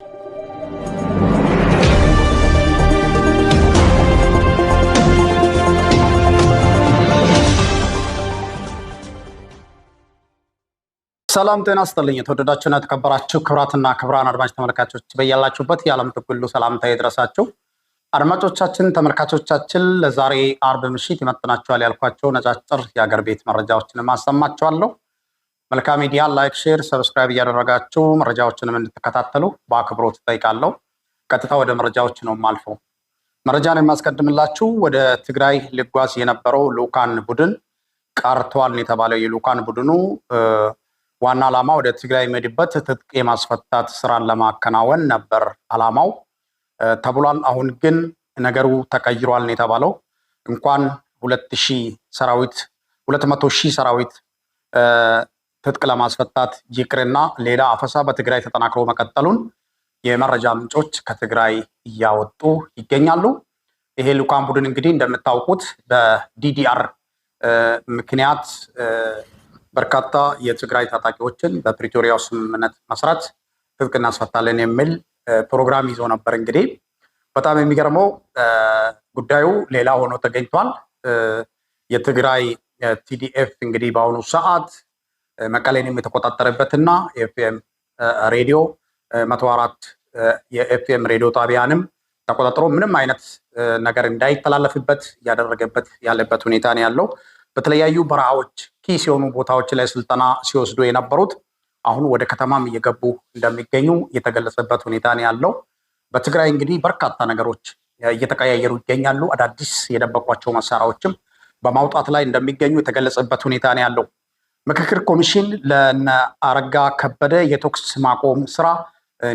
ሰላም ጤና ስጥልኝ። የተወደዳችሁና የተከበራችሁ ክብራትና ክብራን አድማጭ ተመልካቾች በያላችሁበት የዓለም ጥግ ሁሉ ሰላምታ ይድረሳችሁ። አድማጮቻችን፣ ተመልካቾቻችን ለዛሬ አርብ ምሽት ይመጥናችኋል ያልኳቸው ነጫጭር የአገር ቤት መረጃዎችን አሰማችኋለሁ። መልካም ሚዲያ ላይክ፣ ሼር፣ ሰብስክራይብ እያደረጋችሁ መረጃዎችንም እንድትከታተሉ በአክብሮት እጠይቃለሁ። ቀጥታ ወደ መረጃዎች ነው የማልፈው። መረጃን የማስቀድምላችሁ ወደ ትግራይ ሊጓዝ የነበረው ልኡካን ቡድን ቀርቷል የተባለው የልኡካን ቡድኑ ዋና ዓላማ ወደ ትግራይ የሚሄድበት ትጥቅ የማስፈታት ስራን ለማከናወን ነበር ዓላማው ተብሏል። አሁን ግን ነገሩ ተቀይሯል የተባለው እንኳን ሁለት ሺህ ሰራዊት ሁለት መቶ ሺህ ሰራዊት ትጥቅ ለማስፈታት ይቅርና ሌላ አፈሳ በትግራይ ተጠናክሮ መቀጠሉን የመረጃ ምንጮች ከትግራይ እያወጡ ይገኛሉ። ይሄ ልዑካን ቡድን እንግዲህ እንደምታውቁት በዲዲአር ምክንያት በርካታ የትግራይ ታጣቂዎችን በፕሪቶሪያው ስምምነት መሰረት ትጥቅ እናስፈታለን የሚል ፕሮግራም ይዞ ነበር። እንግዲህ በጣም የሚገርመው ጉዳዩ ሌላ ሆኖ ተገኝቷል። የትግራይ ቲዲኤፍ እንግዲህ በአሁኑ ሰዓት መቀሌንም የተቆጣጠረበትና ኤፍኤም ሬዲዮ መቶ አራት የኤፍኤም ሬዲዮ ጣቢያንም ተቆጣጥሮ ምንም አይነት ነገር እንዳይተላለፍበት እያደረገበት ያለበት ሁኔታ ነው ያለው። በተለያዩ በረሃዎች ኪ ሲሆኑ ቦታዎች ላይ ስልጠና ሲወስዱ የነበሩት አሁን ወደ ከተማም እየገቡ እንደሚገኙ የተገለጸበት ሁኔታ ነው ያለው። በትግራይ እንግዲህ በርካታ ነገሮች እየተቀያየሩ ይገኛሉ። አዳዲስ የደበቋቸው መሳሪያዎችም በማውጣት ላይ እንደሚገኙ የተገለጸበት ሁኔታ ነው ያለው። ምክክር ኮሚሽን ለነ አረጋ ከበደ የተኩስ ማቆም ስራ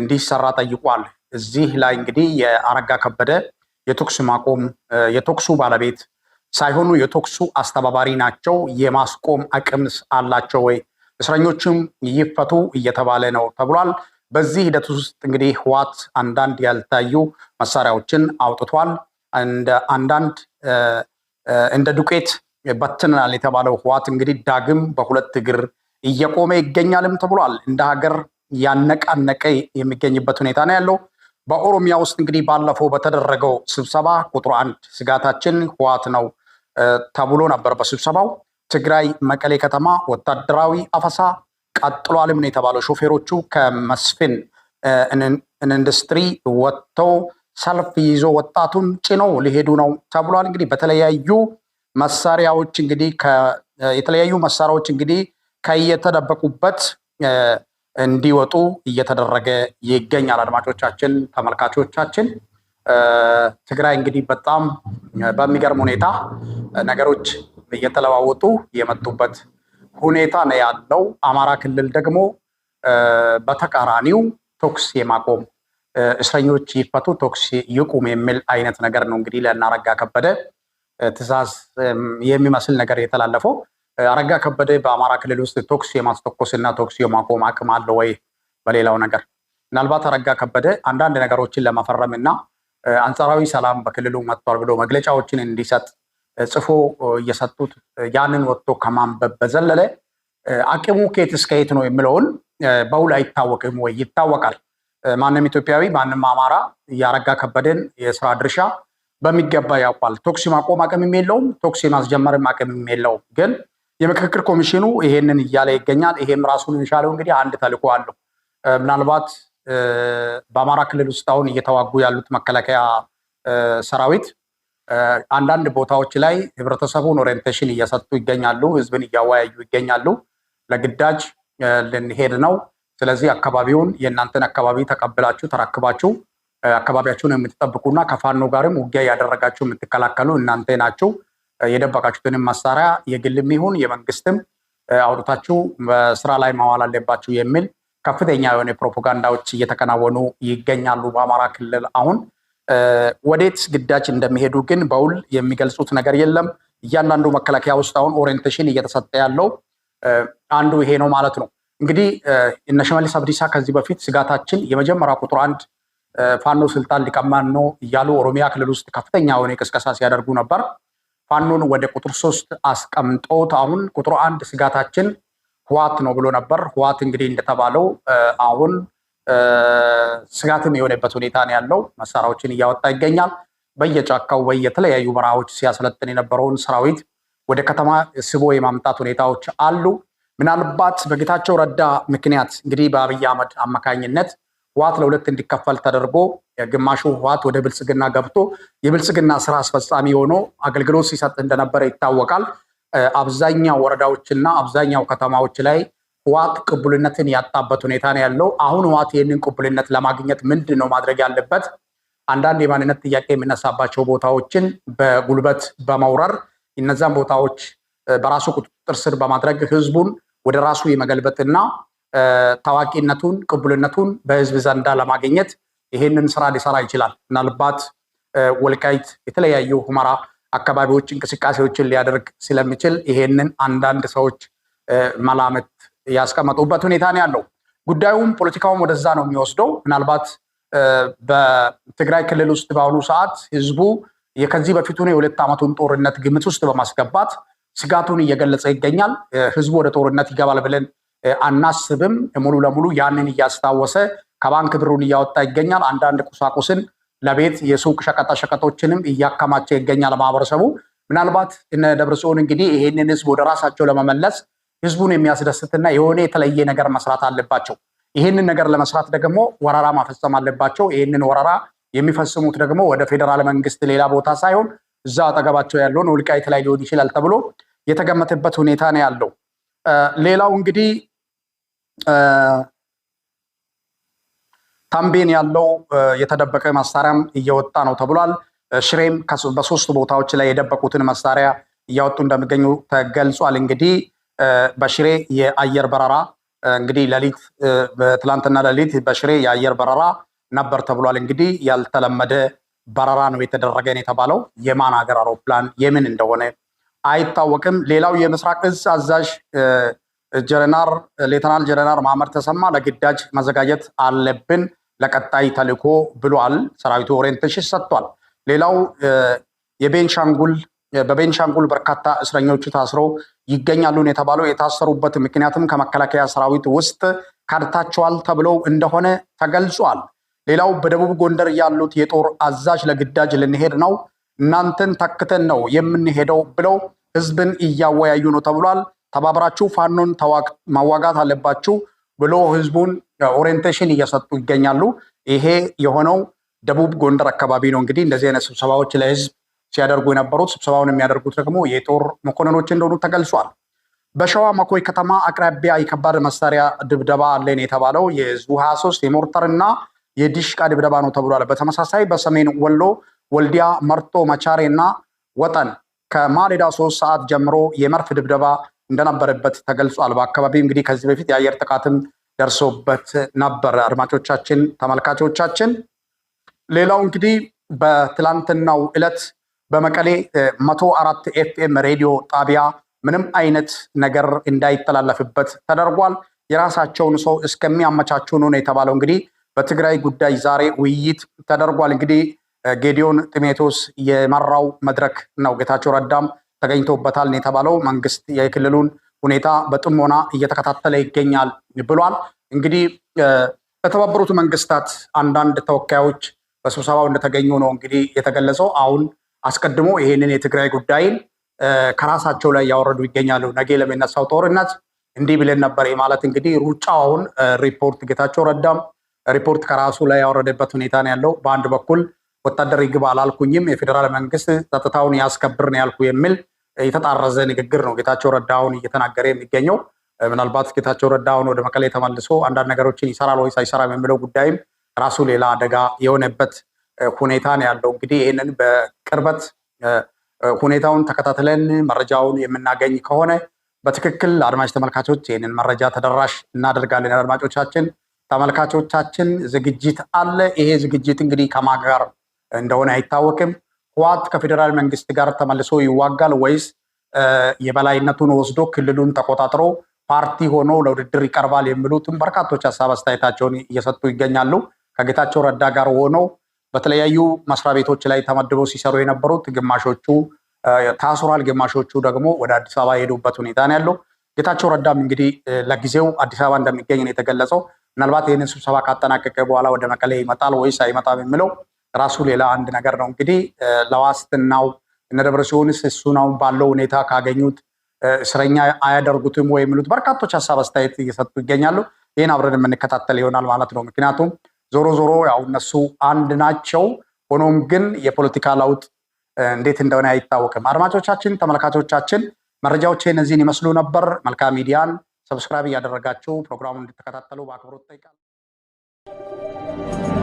እንዲሰራ ጠይቋል። እዚህ ላይ እንግዲህ የአረጋ ከበደ የተኩስ ማቆም የተኩሱ ባለቤት ሳይሆኑ የተኩሱ አስተባባሪ ናቸው። የማስቆም አቅም አላቸው ወይ? እስረኞችም ይፈቱ እየተባለ ነው ተብሏል። በዚህ ሂደት ውስጥ እንግዲህ ህዋት አንዳንድ ያልታዩ መሳሪያዎችን አውጥቷል። እንደ አንዳንድ እንደ ዱቄት በትንናል የተባለው ህዋት እንግዲህ ዳግም በሁለት እግር እየቆመ ይገኛልም ተብሏል። እንደ ሀገር ያነቃነቀ የሚገኝበት ሁኔታ ነው ያለው። በኦሮሚያ ውስጥ እንግዲህ ባለፈው በተደረገው ስብሰባ ቁጥር አንድ ስጋታችን ህዋት ነው ተብሎ ነበር። በስብሰባው ትግራይ መቀሌ ከተማ ወታደራዊ አፈሳ ቀጥሏልም ነው የተባለው። ሾፌሮቹ ከመስፍን ኢንዱስትሪ ወጥተው ሰልፍ ይዞ ወጣቱን ጭነው ሊሄዱ ነው ተብሏል። እንግዲህ በተለያዩ መሳሪያዎች እንግዲህ የተለያዩ መሳሪያዎች እንግዲህ ከየተደበቁበት እንዲወጡ እየተደረገ ይገኛል። አድማጮቻችን፣ ተመልካቾቻችን ትግራይ እንግዲህ በጣም በሚገርም ሁኔታ ነገሮች እየተለዋወጡ የመጡበት ሁኔታ ነው ያለው። አማራ ክልል ደግሞ በተቃራኒው ቶክስ የማቆም እስረኞች ይፈቱ፣ ቶክስ ይቁም የሚል አይነት ነገር ነው እንግዲህ ለእናረጋ ከበደ ትእዛዝ የሚመስል ነገር የተላለፈው። አረጋ ከበደ በአማራ ክልል ውስጥ ቶክስ የማስተኮስ እና ቶክስ የማቆም አቅም አለ ወይ? በሌላው ነገር ምናልባት አረጋ ከበደ አንዳንድ ነገሮችን ለመፈረም እና አንጻራዊ ሰላም በክልሉ መጥቷል ብሎ መግለጫዎችን እንዲሰጥ ጽፎ እየሰጡት ያንን ወጥቶ ከማንበብ በዘለለ አቅሙ ከየት እስከ የት ነው የሚለውን በውል አይታወቅም ወይ? ይታወቃል። ማንም ኢትዮጵያዊ ማንም አማራ የአረጋ ከበደን የስራ ድርሻ በሚገባ ያውቋል። ቶክሲ ማቆም አቅምም የለውም፣ ቶክሲ ማስጀመርም አቅምም የለውም። ግን የምክክር ኮሚሽኑ ይሄንን እያለ ይገኛል። ይሄም ራሱን የቻለው እንግዲህ አንድ ተልዕኮ አለው። ምናልባት በአማራ ክልል ውስጥ አሁን እየተዋጉ ያሉት መከላከያ ሰራዊት አንዳንድ ቦታዎች ላይ ህብረተሰቡን ኦሪንቴሽን እየሰጡ ይገኛሉ። ህዝብን እያወያዩ ይገኛሉ። ለግዳጅ ልንሄድ ነው፣ ስለዚህ አካባቢውን የእናንተን አካባቢ ተቀብላችሁ ተረክባችሁ አካባቢያችሁን የምትጠብቁና ከፋኖ ጋርም ውጊያ ያደረጋቸው የምትከላከሉ እናንተ ናችሁ። የደበቃችሁትንም መሳሪያ የግልም ይሁን የመንግስትም አውጥታችሁ በስራ ላይ ማዋል አለባችሁ የሚል ከፍተኛ የሆነ ፕሮፓጋንዳዎች እየተከናወኑ ይገኛሉ። በአማራ ክልል አሁን ወዴት ግዳጅ እንደሚሄዱ ግን በውል የሚገልጹት ነገር የለም። እያንዳንዱ መከላከያ ውስጥ አሁን ኦሪየንቴሽን እየተሰጠ ያለው አንዱ ይሄ ነው ማለት ነው። እንግዲህ እነ ሽመልስ አብዲሳ ከዚህ በፊት ስጋታችን የመጀመሪያ ቁጥር አንድ ፋኖ ስልጣን ሊቀማን ነው እያሉ ኦሮሚያ ክልል ውስጥ ከፍተኛ የሆነ ቅስቀሳ ሲያደርጉ ነበር። ፋኖን ወደ ቁጥር ሶስት አስቀምጠውት አሁን ቁጥር አንድ ስጋታችን ህዋት ነው ብሎ ነበር። ህዋት እንግዲህ እንደተባለው አሁን ስጋትም የሆነበት ሁኔታ ነው ያለው። መሳሪያዎችን እያወጣ ይገኛል። በየጫካው በየተለያዩ በረሃዎች ሲያሰለጥን የነበረውን ሰራዊት ወደ ከተማ ስቦ የማምጣት ሁኔታዎች አሉ። ምናልባት በጌታቸው ረዳ ምክንያት እንግዲህ በአብይ አህመድ አማካኝነት ህወሓት ለሁለት እንዲከፈል ተደርጎ ግማሹ ህወሓት ወደ ብልጽግና ገብቶ የብልጽግና ስራ አስፈጻሚ ሆኖ አገልግሎት ሲሰጥ እንደነበረ ይታወቃል። አብዛኛው ወረዳዎችና አብዛኛው ከተማዎች ላይ ህወሓት ቅቡልነትን ያጣበት ሁኔታ ነው ያለው። አሁን ህወሓት ይህንን ቅቡልነት ለማግኘት ምንድን ነው ማድረግ ያለበት? አንዳንድ የማንነት ጥያቄ የሚነሳባቸው ቦታዎችን በጉልበት በመውረር እነዛን ቦታዎች በራሱ ቁጥጥር ስር በማድረግ ህዝቡን ወደ ራሱ የመገልበትና ታዋቂነቱን ቅቡልነቱን በህዝብ ዘንዳ ለማግኘት ይህንን ስራ ሊሰራ ይችላል። ምናልባት ወልቃይት የተለያዩ ሁመራ አካባቢዎች እንቅስቃሴዎችን ሊያደርግ ስለሚችል ይሄንን አንዳንድ ሰዎች መላምት ያስቀመጡበት ሁኔታ ነው ያለው። ጉዳዩም ፖለቲካውም ወደዛ ነው የሚወስደው። ምናልባት በትግራይ ክልል ውስጥ በአሁኑ ሰዓት ህዝቡ ከዚህ በፊቱን የሁለት ዓመቱን ጦርነት ግምት ውስጥ በማስገባት ስጋቱን እየገለጸ ይገኛል። ህዝቡ ወደ ጦርነት ይገባል ብለን አናስብም። ሙሉ ለሙሉ ያንን እያስታወሰ ከባንክ ብሩን እያወጣ ይገኛል። አንዳንድ ቁሳቁስን ለቤት የሱቅ ሸቀጣሸቀጦችንም እያከማቸ ይገኛል ማህበረሰቡ። ምናልባት እነ ደብረጽዮን እንግዲህ ይህንን ህዝብ ወደ ራሳቸው ለመመለስ ህዝቡን የሚያስደስትና የሆነ የተለየ ነገር መስራት አለባቸው። ይህንን ነገር ለመስራት ደግሞ ወረራ ማፈጸም አለባቸው። ይህንን ወረራ የሚፈጽሙት ደግሞ ወደ ፌዴራል መንግስት ሌላ ቦታ ሳይሆን እዛ አጠገባቸው ያለውን ወልቃይት ላይ ሊሆን ይችላል ተብሎ የተገመተበት ሁኔታ ነው ያለው። ሌላው እንግዲህ ታምቤን ያለው የተደበቀ መሳሪያም እየወጣ ነው ተብሏል። ሽሬም በሶስቱ ቦታዎች ላይ የደበቁትን መሳሪያ እያወጡ እንደሚገኙ ተገልጿል። እንግዲህ በሽሬ የአየር በረራ እንግዲህ ሌሊት በትላንትና ሌሊት በሽሬ የአየር በረራ ነበር ተብሏል። እንግዲህ ያልተለመደ በረራ ነው የተደረገ የተባለው የማን ሀገር አውሮፕላን የምን እንደሆነ አይታወቅም። ሌላው የምስራቅ እዝ አዛዥ ጀነራል ሌተናል ጀነራል ማመር ተሰማ ለግዳጅ መዘጋጀት አለብን ለቀጣይ ተልዕኮ ብሏል። ሰራዊቱ ኦሪንቴሽን ሰጥቷል። ሌላው የቤንሻንጉል በቤንሻንጉል በርካታ እስረኞቹ ታስረው ይገኛሉ የተባለው የታሰሩበት ምክንያትም ከመከላከያ ሰራዊት ውስጥ ካድታቸዋል ተብለው እንደሆነ ተገልጿል። ሌላው በደቡብ ጎንደር ያሉት የጦር አዛዥ ለግዳጅ ልንሄድ ነው እናንተን ተክተን ነው የምንሄደው ብለው ህዝብን እያወያዩ ነው ተብሏል። ተባብራችሁ ፋኖን ማዋጋት አለባችሁ ብሎ ህዝቡን ኦሪየንቴሽን እየሰጡ ይገኛሉ። ይሄ የሆነው ደቡብ ጎንደር አካባቢ ነው። እንግዲህ እንደዚህ አይነት ስብሰባዎች ለህዝብ ሲያደርጉ የነበሩት ስብሰባውን የሚያደርጉት ደግሞ የጦር መኮንኖች እንደሆኑ ተገልጿል። በሸዋ መኮይ ከተማ አቅራቢያ የከባድ መሳሪያ ድብደባ አለን የተባለው የዙ 23 እና የዲሽቃ ድብደባ ነው ተብሏል። በተመሳሳይ በሰሜን ወሎ ወልዲያ፣ መርጦ መቻሬ እና ወጠን ከማሌዳ ሶስት ሰዓት ጀምሮ የመርፍ ድብደባ እንደነበረበት ተገልጿል። በአካባቢው እንግዲህ ከዚህ በፊት የአየር ጥቃትም ደርሶበት ነበር። አድማጮቻችን፣ ተመልካቾቻችን ሌላው እንግዲህ በትላንትናው ዕለት በመቀሌ መቶ አራት ኤፍኤም ሬዲዮ ጣቢያ ምንም አይነት ነገር እንዳይተላለፍበት ተደርጓል። የራሳቸውን ሰው እስከሚያመቻቹ ነው የተባለው። እንግዲህ በትግራይ ጉዳይ ዛሬ ውይይት ተደርጓል። እንግዲህ ጌዲዮን ጢሞቴዎስ የመራው መድረክ ነው። ጌታቸው ረዳም ተገኝቶበታል የተባለው መንግስት የክልሉን ሁኔታ በጥሞና እየተከታተለ ይገኛል ብሏል። እንግዲህ በተባበሩት መንግስታት አንዳንድ ተወካዮች በስብሰባው እንደተገኙ ነው እንግዲህ የተገለጸው። አሁን አስቀድሞ ይህንን የትግራይ ጉዳይን ከራሳቸው ላይ እያወረዱ ይገኛሉ። ነገ ለሚነሳው ጦርነት እንዲህ ብለን ነበር ማለት እንግዲህ ሩጫ አሁን ሪፖርት ጌታቸው ረዳም ሪፖርት ከራሱ ላይ ያወረደበት ሁኔታ ነው ያለው። በአንድ በኩል ወታደር ይግባ አላልኩኝም፣ የፌዴራል መንግስት ጸጥታውን ያስከብር ነው ያልኩ የሚል የተጣረዘ ንግግር ነው ጌታቸው ረዳውን እየተናገረ የሚገኘው። ምናልባት ጌታቸው ረዳውን ወደ መቀሌ ተመልሶ አንዳንድ ነገሮችን ይሰራል ወይስ አይሰራም የሚለው ጉዳይም ራሱ ሌላ አደጋ የሆነበት ሁኔታ ነው ያለው። እንግዲህ ይህንን በቅርበት ሁኔታውን ተከታትለን መረጃውን የምናገኝ ከሆነ በትክክል አድማጭ ተመልካቾች ይህንን መረጃ ተደራሽ እናደርጋለን። አድማጮቻችን፣ ተመልካቾቻችን ዝግጅት አለ። ይሄ ዝግጅት እንግዲህ ከማን ጋር እንደሆነ አይታወቅም። ህወሓት ከፌዴራል መንግስት ጋር ተመልሶ ይዋጋል ወይስ የበላይነቱን ወስዶ ክልሉን ተቆጣጥሮ ፓርቲ ሆኖ ለውድድር ይቀርባል የሚሉትም በርካቶች ሀሳብ አስተያየታቸውን እየሰጡ ይገኛሉ። ከጌታቸው ረዳ ጋር ሆኖ በተለያዩ መስሪያ ቤቶች ላይ ተመድበው ሲሰሩ የነበሩት ግማሾቹ ታስሯል፣ ግማሾቹ ደግሞ ወደ አዲስ አበባ የሄዱበት ሁኔታ ነው ያለው። ጌታቸው ረዳም እንግዲህ ለጊዜው አዲስ አበባ እንደሚገኝ ነው የተገለጸው። ምናልባት ይህንን ስብሰባ ካጠናቀቀ በኋላ ወደ መቀሌ ይመጣል ወይስ አይመጣም የሚለው ራሱ ሌላ አንድ ነገር ነው። እንግዲህ ለዋስትናው እነ ደብረጽዮንስ እሱን አሁን ባለው ሁኔታ ካገኙት እስረኛ አያደርጉትም ወይ የሚሉት በርካቶች ሀሳብ አስተያየት እየሰጡ ይገኛሉ። ይህን አብረን የምንከታተል ይሆናል ማለት ነው። ምክንያቱም ዞሮ ዞሮ ያው እነሱ አንድ ናቸው። ሆኖም ግን የፖለቲካ ለውጥ እንዴት እንደሆነ አይታወቅም። አድማጮቻችን፣ ተመልካቾቻችን መረጃዎች እነዚህን ይመስሉ ነበር። መልካም ሚዲያን ሰብስክራይብ እያደረጋችሁ ፕሮግራሙን እንድትከታተሉ በአክብሮት ጠይቃል።